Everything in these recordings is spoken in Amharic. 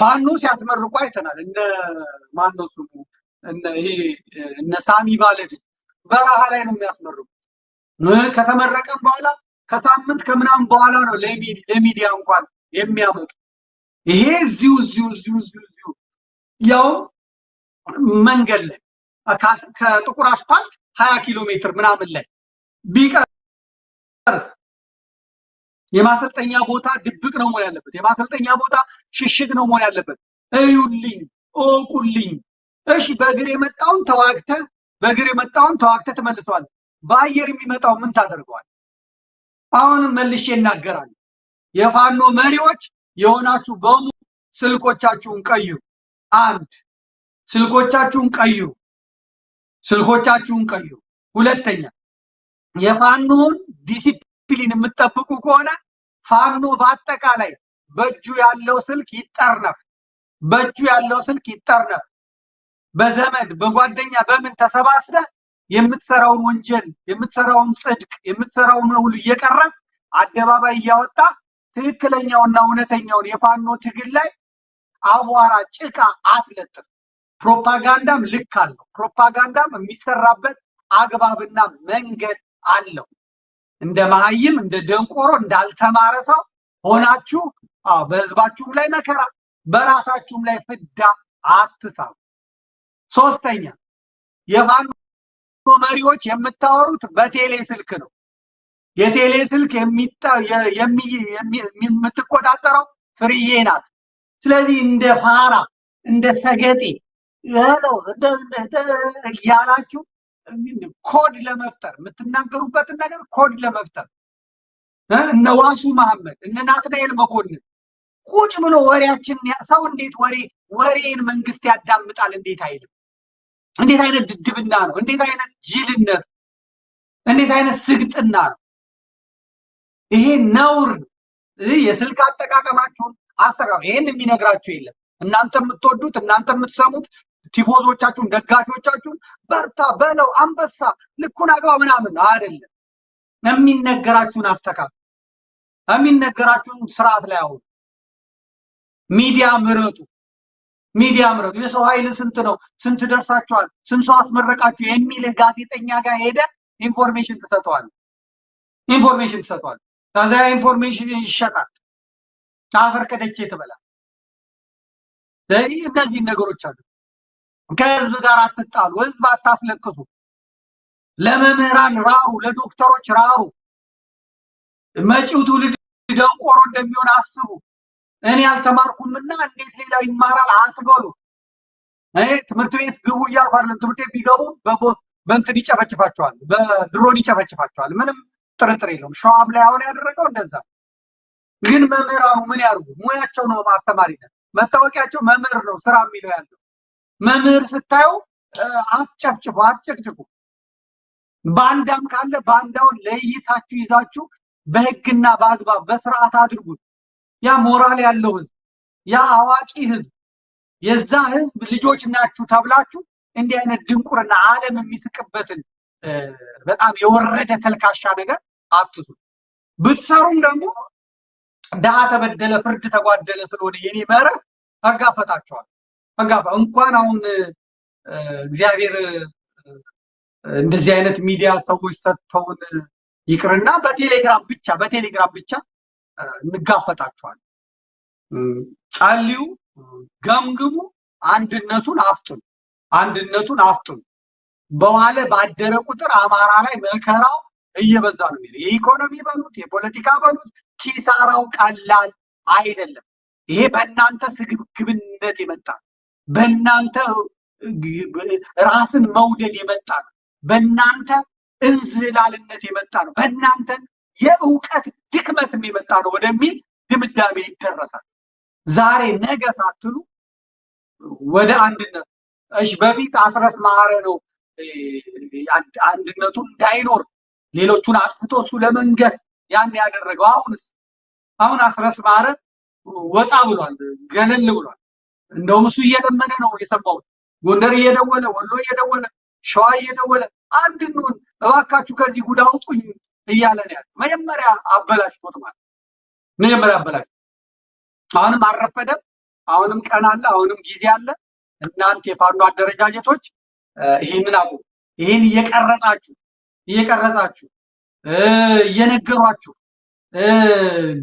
ፋኖ ሲያስመርቁ አይተናል። እነ ማነው ስሙ ይሄ እነ ሳሚ ባለድ በረሃ ላይ ነው የሚያስመርቁ። ከተመረቀም በኋላ ከሳምንት ከምናምን በኋላ ነው ለሚዲያ እንኳን የሚያመጡ። ይሄ እዚሁ እዚሁ እዚሁ እዚሁ እዚሁ ያው መንገድ ላይ ከጥቁር አስፋልት ሀያ ኪሎ ሜትር ምናምን ላይ ቢቀርስ የማሰልጠኛ ቦታ ድብቅ ነው መሆን ያለበት። የማሰልጠኛ ቦታ ሽሽግ ነው መሆን ያለበት። እዩልኝ፣ እወቁልኝ። እሺ፣ በእግር የመጣውን ተዋግተ በእግር የመጣውን ተዋግተ ተመልሰዋል። በአየር የሚመጣው ምን ታደርገዋል? አሁንም መልሼ ይናገራል። የፋኖ መሪዎች የሆናችሁ በሙ ስልኮቻችሁን ቀዩ አንድ ስልኮቻችሁን ቀዩ ስልኮቻችሁን ቀዩ ሁለተኛ የፋኖን ዲሲፕሊን የምትጠብቁ ከሆነ ፋኖ በአጠቃላይ በእጁ ያለው ስልክ ይጠርነፍ፣ በእጁ ያለው ስልክ ይጠርነፍ። በዘመድ በጓደኛ በምን ተሰባስበ የምትሰራውን ወንጀል የምትሰራውን ጽድቅ የምትሰራውን ሁሉ እየቀረስ አደባባይ እያወጣ ትክክለኛውና እውነተኛውን የፋኖ ትግል ላይ አቧራ ጭቃ አትለጥም። ፕሮፓጋንዳም ልክ አለው። ፕሮፓጋንዳም የሚሰራበት አግባብና መንገድ አለው። እንደ መሀይም እንደ ደንቆሮ እንዳልተማረ ሰው ሆናችሁ በህዝባችሁም ላይ መከራ፣ በራሳችሁም ላይ ፍዳ አትሳቡ። ሶስተኛ የፋኖ መሪዎች የምታወሩት በቴሌ ስልክ ነው። የቴሌ ስልክ የምትቆጣጠረው ፍርዬ ናት። ስለዚህ እንደ ፋራ እንደ ሰገጤ እያላችሁ ኮድ ለመፍጠር የምትናገሩበትን ነገር ኮድ ለመፍጠር እነ ዋሱ መሐመድ እነ ናትናኤል መኮንን ቁጭ ብሎ ወሬያችን ሰው እንዴት ወሬ ወሬን መንግስት ያዳምጣል? እንዴት አይልም? እንዴት አይነት ድድብና ነው! እንዴት አይነት ጅልነት! እንዴት አይነት ስግጥና ነው! ይሄ ነውር። የስልክ አጠቃቀማችሁን አስተካክሉ። ይሄን የሚነግራችሁ የለም። እናንተ የምትወዱት እናንተ የምትሰሙት ቲፎዞቻችሁን፣ ደጋፊዎቻችሁን በርታ በለው አንበሳ ልኩን አግባ ምናምን አይደለም። የሚነገራችሁን አስተካክሉ። የሚነገራችሁን ስርዓት ላይ አውሉ። ሚዲያ ምረጡ። ሚዲያ ምረጡ። የሰው ኃይል ስንት ነው? ስንት ደርሳችኋል? ስንት ሰው አስመረቃችሁ? የሚልህ ጋዜጠኛ ጋር ሄደ ኢንፎርሜሽን ትሰጠዋል። ኢንፎርሜሽን ትሰጠዋል። ከዚያ ኢንፎርሜሽን ይሸጣል። አፈር ቀደቼ ትበላል። እነዚህ ነገሮች አሉ። ከህዝብ ጋር አትጣሉ። ህዝብ አታስለቅሱ። ለመምህራን ራሩ፣ ለዶክተሮች ራሩ። መጪው ትውልድ ደንቆሮ እንደሚሆን አስቡ። እኔ አልተማርኩምና እንዴት ሌላው ይማራል አትበሉ። ትምህርት ቤት ግቡ እያልኩ አይደለም። ትምህርት ቤት ቢገቡ በእንትን ይጨፈጭፋቸዋል፣ በድሮን ይጨፈጭፋቸዋል። ምንም ጥርጥር የለውም። ሸዋብ ላይ አሁን ያደረገው እንደዛ። ግን መምህራኑ ምን ያርጉ? ሙያቸው ነው ማስተማሪነት፣ መታወቂያቸው መምህር ነው ስራ የሚለው ያለው መምህር ስታየው አትጨፍጭፉ፣ አትጨቅጭፉ። ባንዳም ካለ ባንዳውን ለይታችሁ ይዛችሁ በህግና በአግባብ በስርዓት አድርጉት። ያ ሞራል ያለው ህዝብ፣ ያ አዋቂ ህዝብ፣ የዛ ህዝብ ልጆች ናችሁ ተብላችሁ እንዲህ አይነት ድንቁርና ዓለም የሚስቅበትን በጣም የወረደ ተልካሻ ነገር አትሱ። ብትሰሩም ደግሞ ድሃ ተበደለ ፍርድ ተጓደለ ስለሆነ የኔ መርህ ተጋፈጣቸዋል። ተጋፈ እንኳን አሁን እግዚአብሔር እንደዚህ አይነት ሚዲያ ሰዎች ሰጥተውን ይቅርና በቴሌግራም ብቻ በቴሌግራም ብቻ እንጋፈጣቸዋለን። ጸልዩ፣ ገምግሙ፣ አንድነቱን አፍጥኑ፣ አንድነቱን አፍጥኑ። በዋለ ባደረ ቁጥር አማራ ላይ መከራው እየበዛ ነው የሚሄደው። የኢኮኖሚ በሉት የፖለቲካ በሉት ኪሳራው ቀላል አይደለም። ይሄ በእናንተ ስግብግብነት የመጣ በእናንተ ራስን መውደድ የመጣ ነው። በእናንተ እንዝላልነት የመጣ ነው። በእናንተን የእውቀት ድክመት የሚመጣ ነው ወደሚል ድምዳሜ ይደረሳል። ዛሬ ነገ ሳትሉ ወደ አንድነት እሺ፣ በፊት አስረስ ማረ ነው አንድነቱ እንዳይኖር ሌሎቹን አጥፍቶ እሱ ለመንገስ ያን ያደረገው። አሁንስ አሁን አስረስ ማረ ወጣ ብሏል፣ ገለል ብሏል። እንደውም እሱ እየለመነ ነው የሰማሁት። ጎንደር እየደወለ ወሎ እየደወለ ሸዋ እየደወለ አንድ እንሁን እባካችሁ ከዚህ ጉድ አውጡኝ እያለ ነው ያለ። መጀመሪያ አበላሽቶት ማለት መጀመሪያ አበላሽ። አሁንም አልረፈደም። አሁንም ቀን አለ። አሁንም ጊዜ አለ። እናንተ የፋኖ አደረጃጀቶች ይህንን አቁ ይህን እየቀረጻችሁ እየቀረጻችሁ እየነገሯችሁ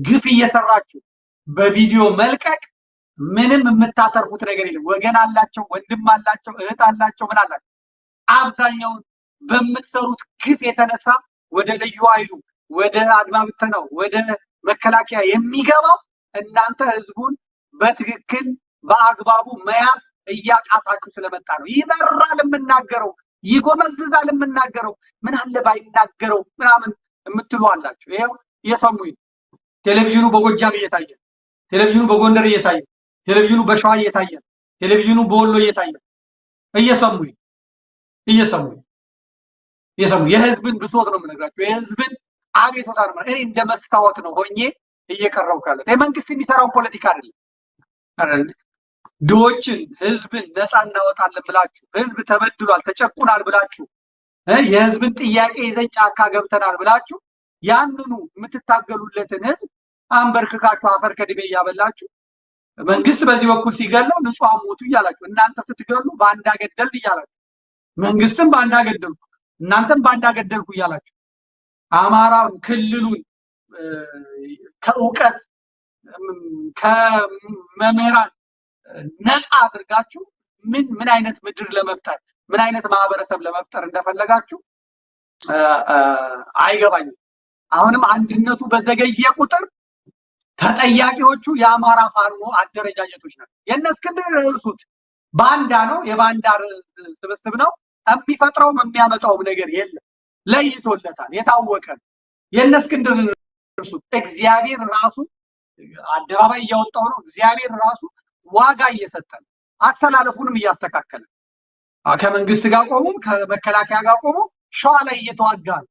ግፍ እየሰራችሁ በቪዲዮ መልቀቅ ምንም የምታተርፉት ነገር የለም። ወገን አላቸው፣ ወንድም አላቸው፣ እህት አላቸው፣ ምን አላቸው። አብዛኛውን በምትሰሩት ግፍ የተነሳ ወደ ልዩ ኃይሉ ወደ አድማ ብተናው ወደ መከላከያ የሚገባው እናንተ ህዝቡን በትክክል በአግባቡ መያዝ እያቃታችሁ ስለመጣ ነው። ይመራል የምናገረው፣ ይጎመዝዛል የምናገረው፣ ምን አለ ባይናገረው ምናምን የምትሉ አላችሁ። ይኸው እየሰሙኝ ቴሌቪዥኑ በጎጃም እየታየ ቴሌቪዥኑ በጎንደር እየታየ ቴሌቪዥኑ በሸዋ እየታየ ቴሌቪዥኑ በወሎ እየታየ እየሰሙኝ እየሰሙኝ የሰሙ የህዝብን ብሶት ነው የምነግራቸው። የህዝብን አቤቶታ ነው። እኔ እንደ መስታወት ነው ሆኜ እየቀረቡ ካለ መንግስት የሚሰራውን ፖለቲካ አይደለም። ድሆችን፣ ህዝብን ነፃ እናወጣለን ብላችሁ ህዝብ ተበድሏል፣ ተጨቁናል ብላችሁ የህዝብን ጥያቄ ይዘን ጫካ ገብተናል ብላችሁ ያንኑ የምትታገሉለትን ህዝብ አንበርክካችሁ አፈር ከድሜ እያበላችሁ መንግስት በዚህ በኩል ሲገለው ንጹሐን ሞቱ እያላችሁ እናንተ ስትገሉ ባንዳ ገደልን እያላችሁ መንግስትም ባንዳ ገደልኩ እናንተም ባንዳ ገደልኩ እያላችሁ አማራ ክልሉን ከእውቀት ከመምህራን ነፃ አድርጋችሁ ምን ምን አይነት ምድር ለመፍጠር ምን አይነት ማህበረሰብ ለመፍጠር እንደፈለጋችሁ አይገባኝም። አሁንም አንድነቱ በዘገየ ቁጥር ተጠያቂዎቹ የአማራ ፋኖ አደረጃጀቶች ናቸው። የእነ እስክንድር እርሱት ባንዳ ነው፣ የባንዳ ስብስብ ነው። የሚፈጥረውም የሚያመጣውም ነገር የለም። ለይቶለታል፣ የታወቀ ነው። የእነ እስክንድር እርሱት እግዚአብሔር ራሱ አደባባይ እያወጣው ነው። እግዚአብሔር ራሱ ዋጋ እየሰጠ ነው። አሰላለፉንም እያስተካከለ ከመንግስት ጋር ቆሞ ከመከላከያ ጋር ቆሞ ሸዋ ላይ እየተዋጋ ነው።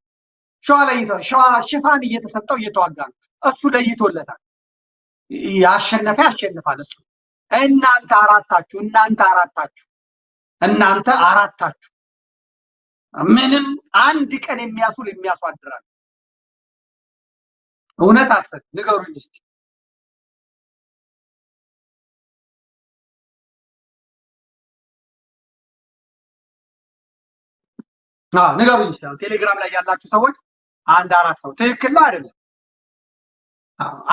ሸዋ ላይ ሸዋ ሽፋን እየተሰጠው እየተዋጋ ነው። እሱ ለይቶለታል። ያሸነፈ ያሸንፋል። እሱ እናንተ አራታችሁ እናንተ አራታችሁ እናንተ አራታችሁ ምንም አንድ ቀን የሚያሱል የሚያስዋድራል። እውነት አሰት ንገሩኝ እስኪ። አዎ ንገሩኝ እስኪ። ቴሌግራም ላይ ያላችሁ ሰዎች አንድ አራት ሰው ትክክል ነው አይደለም?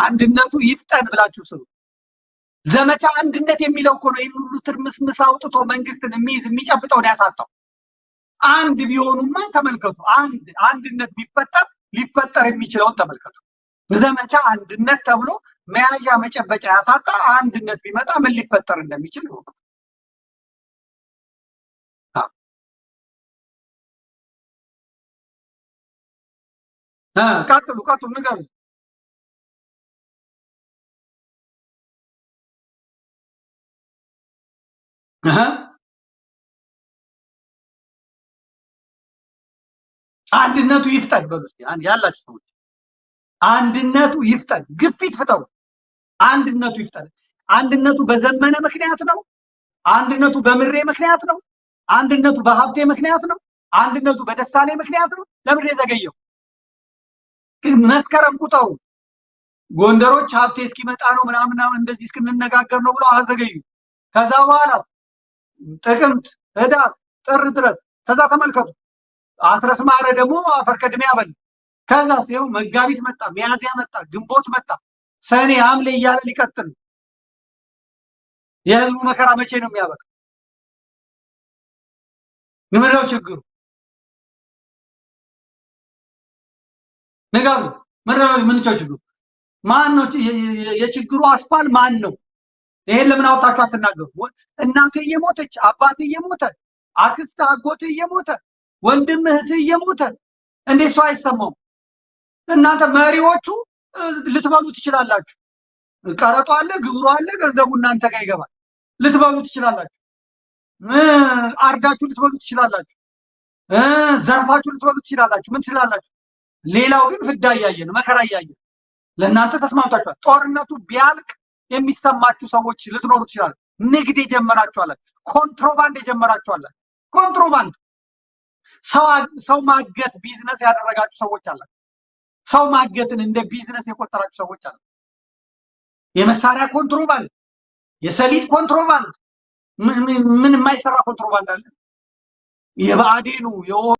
አንድነቱ ይፍጠን ብላችሁ ስሩ። ዘመቻ አንድነት የሚለው እኮ ነው ይህን ሁሉ ትርምስምስ አውጥቶ መንግስትን የሚይዝ የሚጨብጠውን ያሳጣው አንድ ቢሆኑማ ተመልከቱ። አንድ አንድነት ቢፈጠር ሊፈጠር የሚችለውን ተመልከቱ። ዘመቻ አንድነት ተብሎ መያዣ መጨበጫ ያሳጣ አንድነት ቢመጣ ምን ሊፈጠር እንደሚችል ይወቁ። ቀጥሉ ቀጥሉ፣ ንገሩ። እህ አንድነቱ ይፍጠን በክርስቲያን ያላችሁ ሰዎች አንድነቱ ይፍጠን፣ ግፊት ፍጠሩ። አንድነቱ ይፍጠን። አንድነቱ በዘመነ ምክንያት ነው። አንድነቱ በምሬ ምክንያት ነው። አንድነቱ በሀብቴ ምክንያት ነው። አንድነቱ በደሳሌ ምክንያት ነው። ለምን ዘገየው። መስከረም ቁጠሩ። ጎንደሮች ሀብቴ እስኪመጣ ነው ምናምን እንደዚህ እስክንነጋገር ነው ብለው አዘገዩ። ከዛ በኋላ ጥቅምት፣ ህዳር፣ ጥር ድረስ ከዛ ተመልከቱ አስረስማረ ማረ ደግሞ አፈር ቀድሜ አበል ከዛ ሲው መጋቢት መጣ፣ ሚያዚያ መጣ፣ ግንቦት መጣ፣ ሰኔ ሐምሌ እያለ ሊቀጥል የህዝቡ መከራ መቼ ነው የሚያበቃ? ምንድነው ችግሩ? ንገሩ። ምንድነው ችግሩ? ማን ነው የችግሩ አስፋል? ማን ነው? ይሄን ለምን አውጣችሁ አትናገሩ? እናትህ እየሞተች አባትህ እየሞተ አክስትህ አጎትህ እየሞተ ወንድም እየሞተ እንዴት ሰው አይሰማው? እናንተ መሪዎቹ ልትበሉ ትችላላችሁ። ቀረጦ አለ፣ ግብሩ አለ፣ ገንዘቡ እናንተ ጋር ይገባል። ልትበሉ ትችላላችሁ። አርዳችሁ ልትበሉ ትችላላችሁ። ዘርፋችሁ ልትበሉ ትችላላችሁ። ምን ትችላላችሁ? ሌላው ግን ፍዳ ነው፣ መከራ እያየን ለእናንተ ተስማምታችኋል። ጦርነቱ ቢያልቅ የሚሰማችሁ ሰዎች ልትኖሩ ትችላላችሁ። ንግድ የጀመራችኋላችሁ፣ ኮንትሮባንድ የጀመራችኋላችሁ። ኮንትሮባንድ ሰው ማገት ቢዝነስ ያደረጋችሁ ሰዎች አላችሁ። ሰው ማገትን እንደ ቢዝነስ የቆጠራችሁ ሰዎች አለ። የመሳሪያ ኮንትሮባንድ፣ የሰሊጥ ኮንትሮባንድ፣ ምን የማይሰራ ኮንትሮባንድ አለ? የብአዴኑ